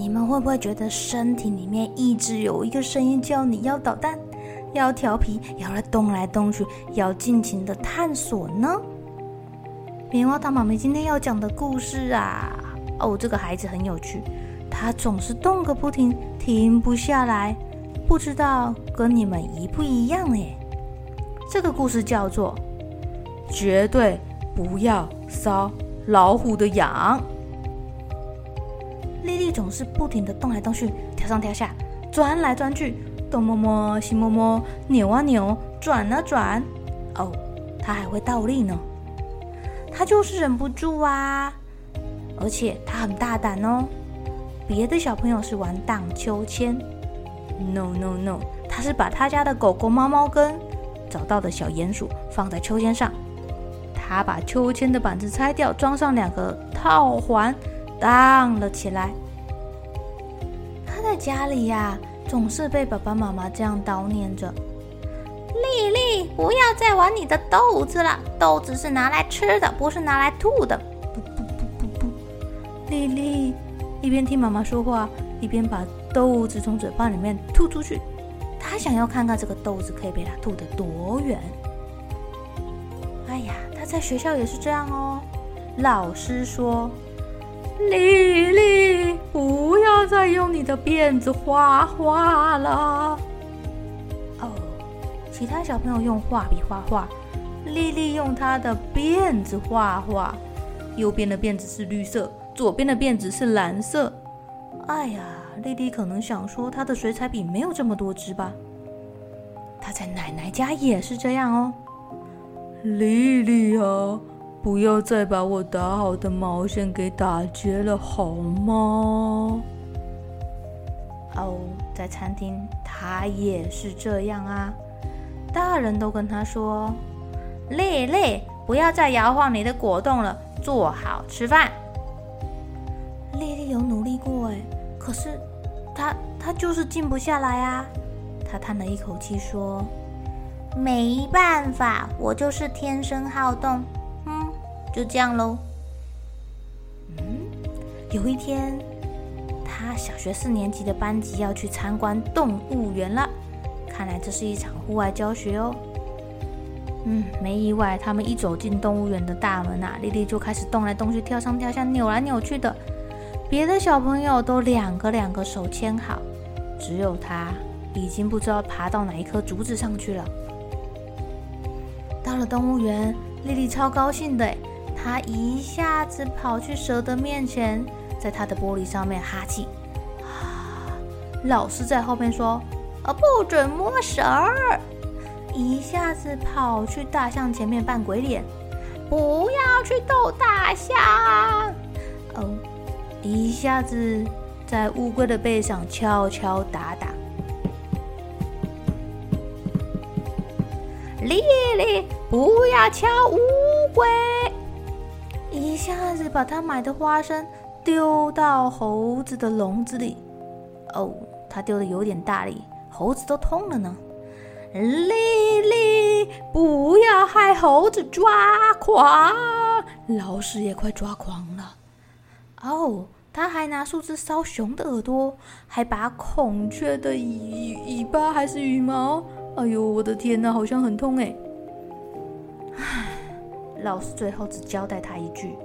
你們會不會覺得身體裡面一直有一個聲音叫你要搗蛋，要調皮，要來動來動去，要盡情的探索呢？棉花糖媽咪今天要講的故事啊，哦，這個孩子很有趣，他總是動個不停，停不下來，不知道跟你們一不一樣誒，這個故事叫做《絕對不要搔老虎的癢》。力總是不停的動來動去，跳上跳下，鑽來鑽去，東摸摸西摸摸，扭啊扭，轉啊轉。哦、oh,，他還會倒立呢！他就是忍不住啊！而且他很大膽哦。別的小朋友是玩盪秋千，no no no，他是把他家的狗狗、貓貓跟找到的小鼴鼠放在秋千上。他把秋千的板子拆掉，裝上兩個套環，盪了起來。在家裡呀、啊，總是被爸爸媽媽這樣叨念着：“麗麗，不要再玩你的豆子了，豆子是拿來吃的，不是拿來吐的。”不不不不不，麗麗一邊聽媽媽說話，一邊把豆子從嘴巴裡面吐出去。她想要看看這個豆子可以被她吐得多遠。哎呀，她在學校也是這樣哦。老師說：“麗麗不。”再用你的辮子畫畫了。哦，oh，其他小朋友用畫筆畫畫，麗麗用她的辮子畫畫。右邊的辮子是綠色，左邊的辮子是藍色。哎呀，麗麗可能想說她的水彩筆沒有這麼多支吧。她在奶奶家也是這樣哦。麗麗啊，不要再把我打好的毛線給打結了，好嗎？哦，在餐廳他也是這樣啊，大人都跟他說：“麗麗，不要再搖晃你的果凍了，坐好吃飯。”麗麗有努力過哎，可是她她就是靜不下來啊。她嘆了一口氣說：“沒辦法，我就是天生好動。”嗯，就這樣嘍。嗯，有一天。他小學四年級的班級要去參觀動物園了，看來這是一場戶外教學哦。嗯，沒意外，他們一走進動物園的大門啊，莉莉就開始動來動去，跳上跳下，扭來扭去的。別的小朋友都兩個兩個手牽好，只有她已經不知道爬到哪一棵竹子上去了。到了動物園，莉莉超高興的，她一下子跑去蛇的面前，在他的玻璃上面哈氣、啊，老師在後面說：“啊，不准摸蛇！”一下子跑去大象前面扮鬼臉，不要去逗大象。呃、一下子在烏龜的背上敲敲打打，麗麗，不要敲烏龜。一下子把他買的花生。丟到猴子的籠子裡，哦、oh,，他丟的有點大力，猴子都痛了呢。莉莉，不要害猴子抓狂，老師也快抓狂了。哦、oh,，他還拿樹枝燒熊的耳朵，還把孔雀的羽尾，尾巴還是羽毛。哎呦，我的天哪，好像很痛哎、欸。唉，老師最後只交代他一句：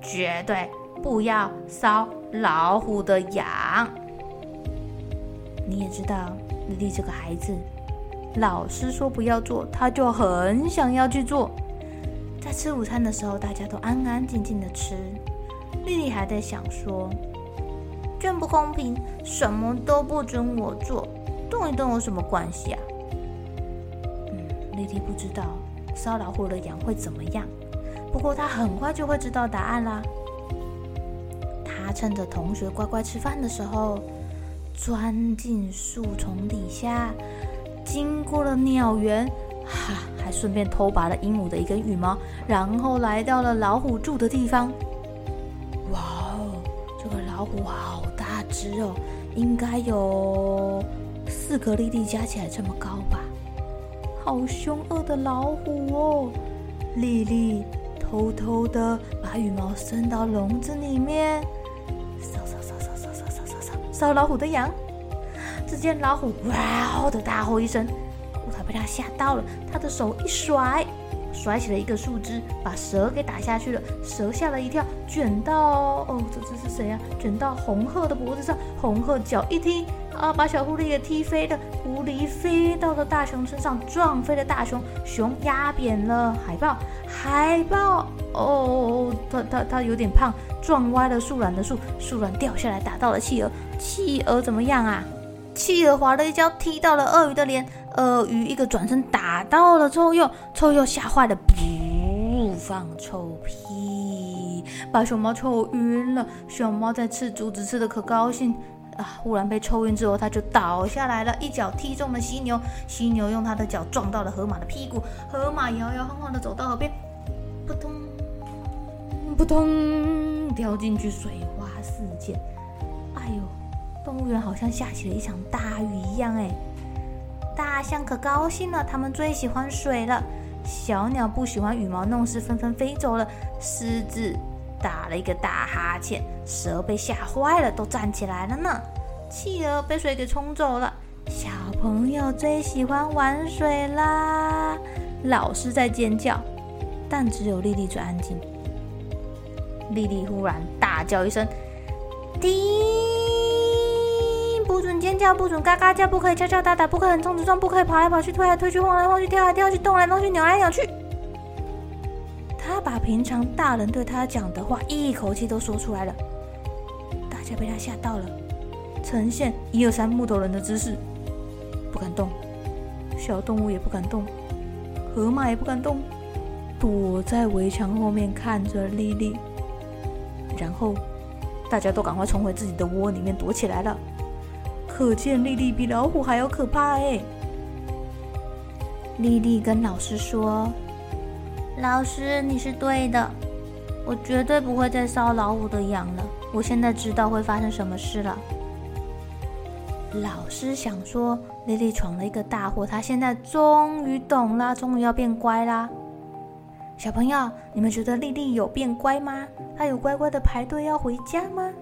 絕對。不要搔老虎的癢。你也知道，麗麗這個孩子，老師說不要做，她就很想要去做。在吃午餐的時候，大家都安安靜靜的吃。麗麗還在想說，真不公平，什麼都不准我做，動一動有什麼關係啊？嗯，麗麗不知道搔老虎的癢會怎麼樣，不過她很快就會知道答案啦。他趁着同學乖乖吃飯的時候，鑽進樹叢底下，經過了鳥園，哈，還順便偷拔了鸚鵡的一根羽毛，然後來到了老虎住的地方。哇哦，這個老虎好大只哦，應該有四個粒粒加起來這麼高吧？好凶惡的老虎哦！粒粒偷偷的把羽毛伸到籠子裡面。搔老虎的癢，只見老虎哇、哦、的大吼一聲，我、哦、塔被他嚇到了，他的手一甩，甩起了一個樹枝，把蛇給打下去了。蛇嚇了一跳，捲到哦，這這是誰呀、啊？捲到紅鶴的脖子上，紅鶴腳一踢，啊，把小狐狸給踢飛了。狐狸飛到了大熊身上，撞飛了大熊，熊壓扁了海豹，海豹哦，他他他有點胖。撞歪了樹懶的樹，樹懶掉下來打到了企鵝，企鵝怎麼樣啊？企鵝滑了一跤，踢到了鱷魚的臉，鱷魚一個轉身打到了臭鼬，臭鼬嚇壞了，不放臭屁，把熊貓臭暈了。熊貓在吃竹子，吃的可高興啊！忽然被臭暈之後，它就倒下來了，一腳踢中了犀牛，犀牛用它的腳撞到了河馬的屁股，河馬搖搖晃晃的走到河邊，撲通，撲通。掉進去，水花四濺。哎呦，動物園好像下起了一場大雨一樣哎！大象可高興了，他們最喜歡水了。小鳥不喜歡羽毛弄濕，紛紛飛走了。獅子打了一個大哈欠，蛇被嚇壞了，都站起來了呢。企鵝被水給沖走了。小朋友最喜歡玩水啦，老師在尖叫，但只有莉莉最安靜。莉莉忽然大叫一聲：“停，不准尖叫，不准嘎嘎叫，不可以敲敲打打，不可以橫衝直撞，不可以跑來跑去、推來推去、晃來晃去、跳來跳去、動來動去、扭來扭去。”她把平常大人對她講的話一口氣都說出來了。大家被她嚇到了，呈現一二三木頭人的姿勢，不敢動。小動物也不敢動，河馬也不敢動，躲在圍牆後面看着莉莉。然後，大家都趕快衝回自己的窩裡面躲起來了。可見莉莉比老虎還要可怕誒、欸，莉莉跟老師說：“老師，你是對的，我絕對不會再搔老虎的癢了。我現在知道會發生什麽事了。”老師想說，莉莉闖了一個大禍，她現在終於懂啦，終於要變乖啦。小朋友，你們覺得莉莉有變乖嗎？她有乖乖的排隊要回家嗎？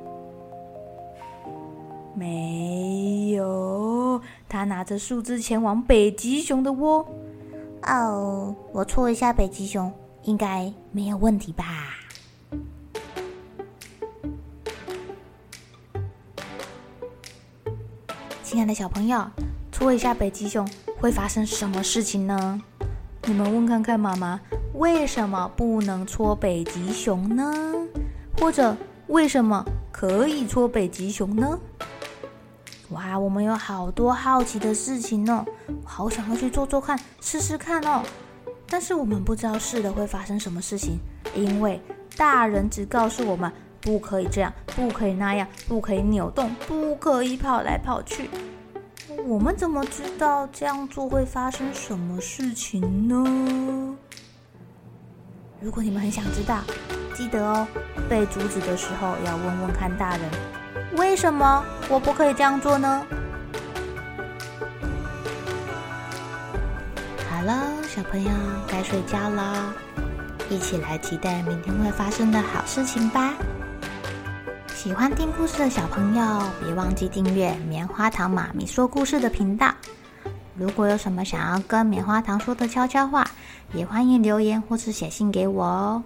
沒有，她拿着樹枝前往北極熊的窩。哦、oh，我搓一下北極熊，應該沒有問題吧？親愛的小朋友，搓一下北極熊會發生什麼事情呢？你們問看看媽媽。為什麼不能搓北極熊呢？或者為什麼可以搓北極熊呢？哇，我們有好多好奇的事情哦，好想要去做做看、試試看哦。但是我們不知道試了會發生什麼事情，因為大人只告訴我們不可以這樣、不可以那樣、不可以扭動、不可以跑來跑去。我們怎麼知道這樣做會發生什麼事情呢？如果你們很想知道，記得哦，被阻止的時候要問問看大人，為什麼我不可以這樣做呢？好了，小朋友，該睡覺啦，一起來期待明天會發生的好事情吧！喜歡聽故事的小朋友，別忘記訂閱《棉花糖媽咪說故事》的頻道。如果有什麼想要跟棉花糖說的悄悄話，也歡迎留言或是寫信給我哦。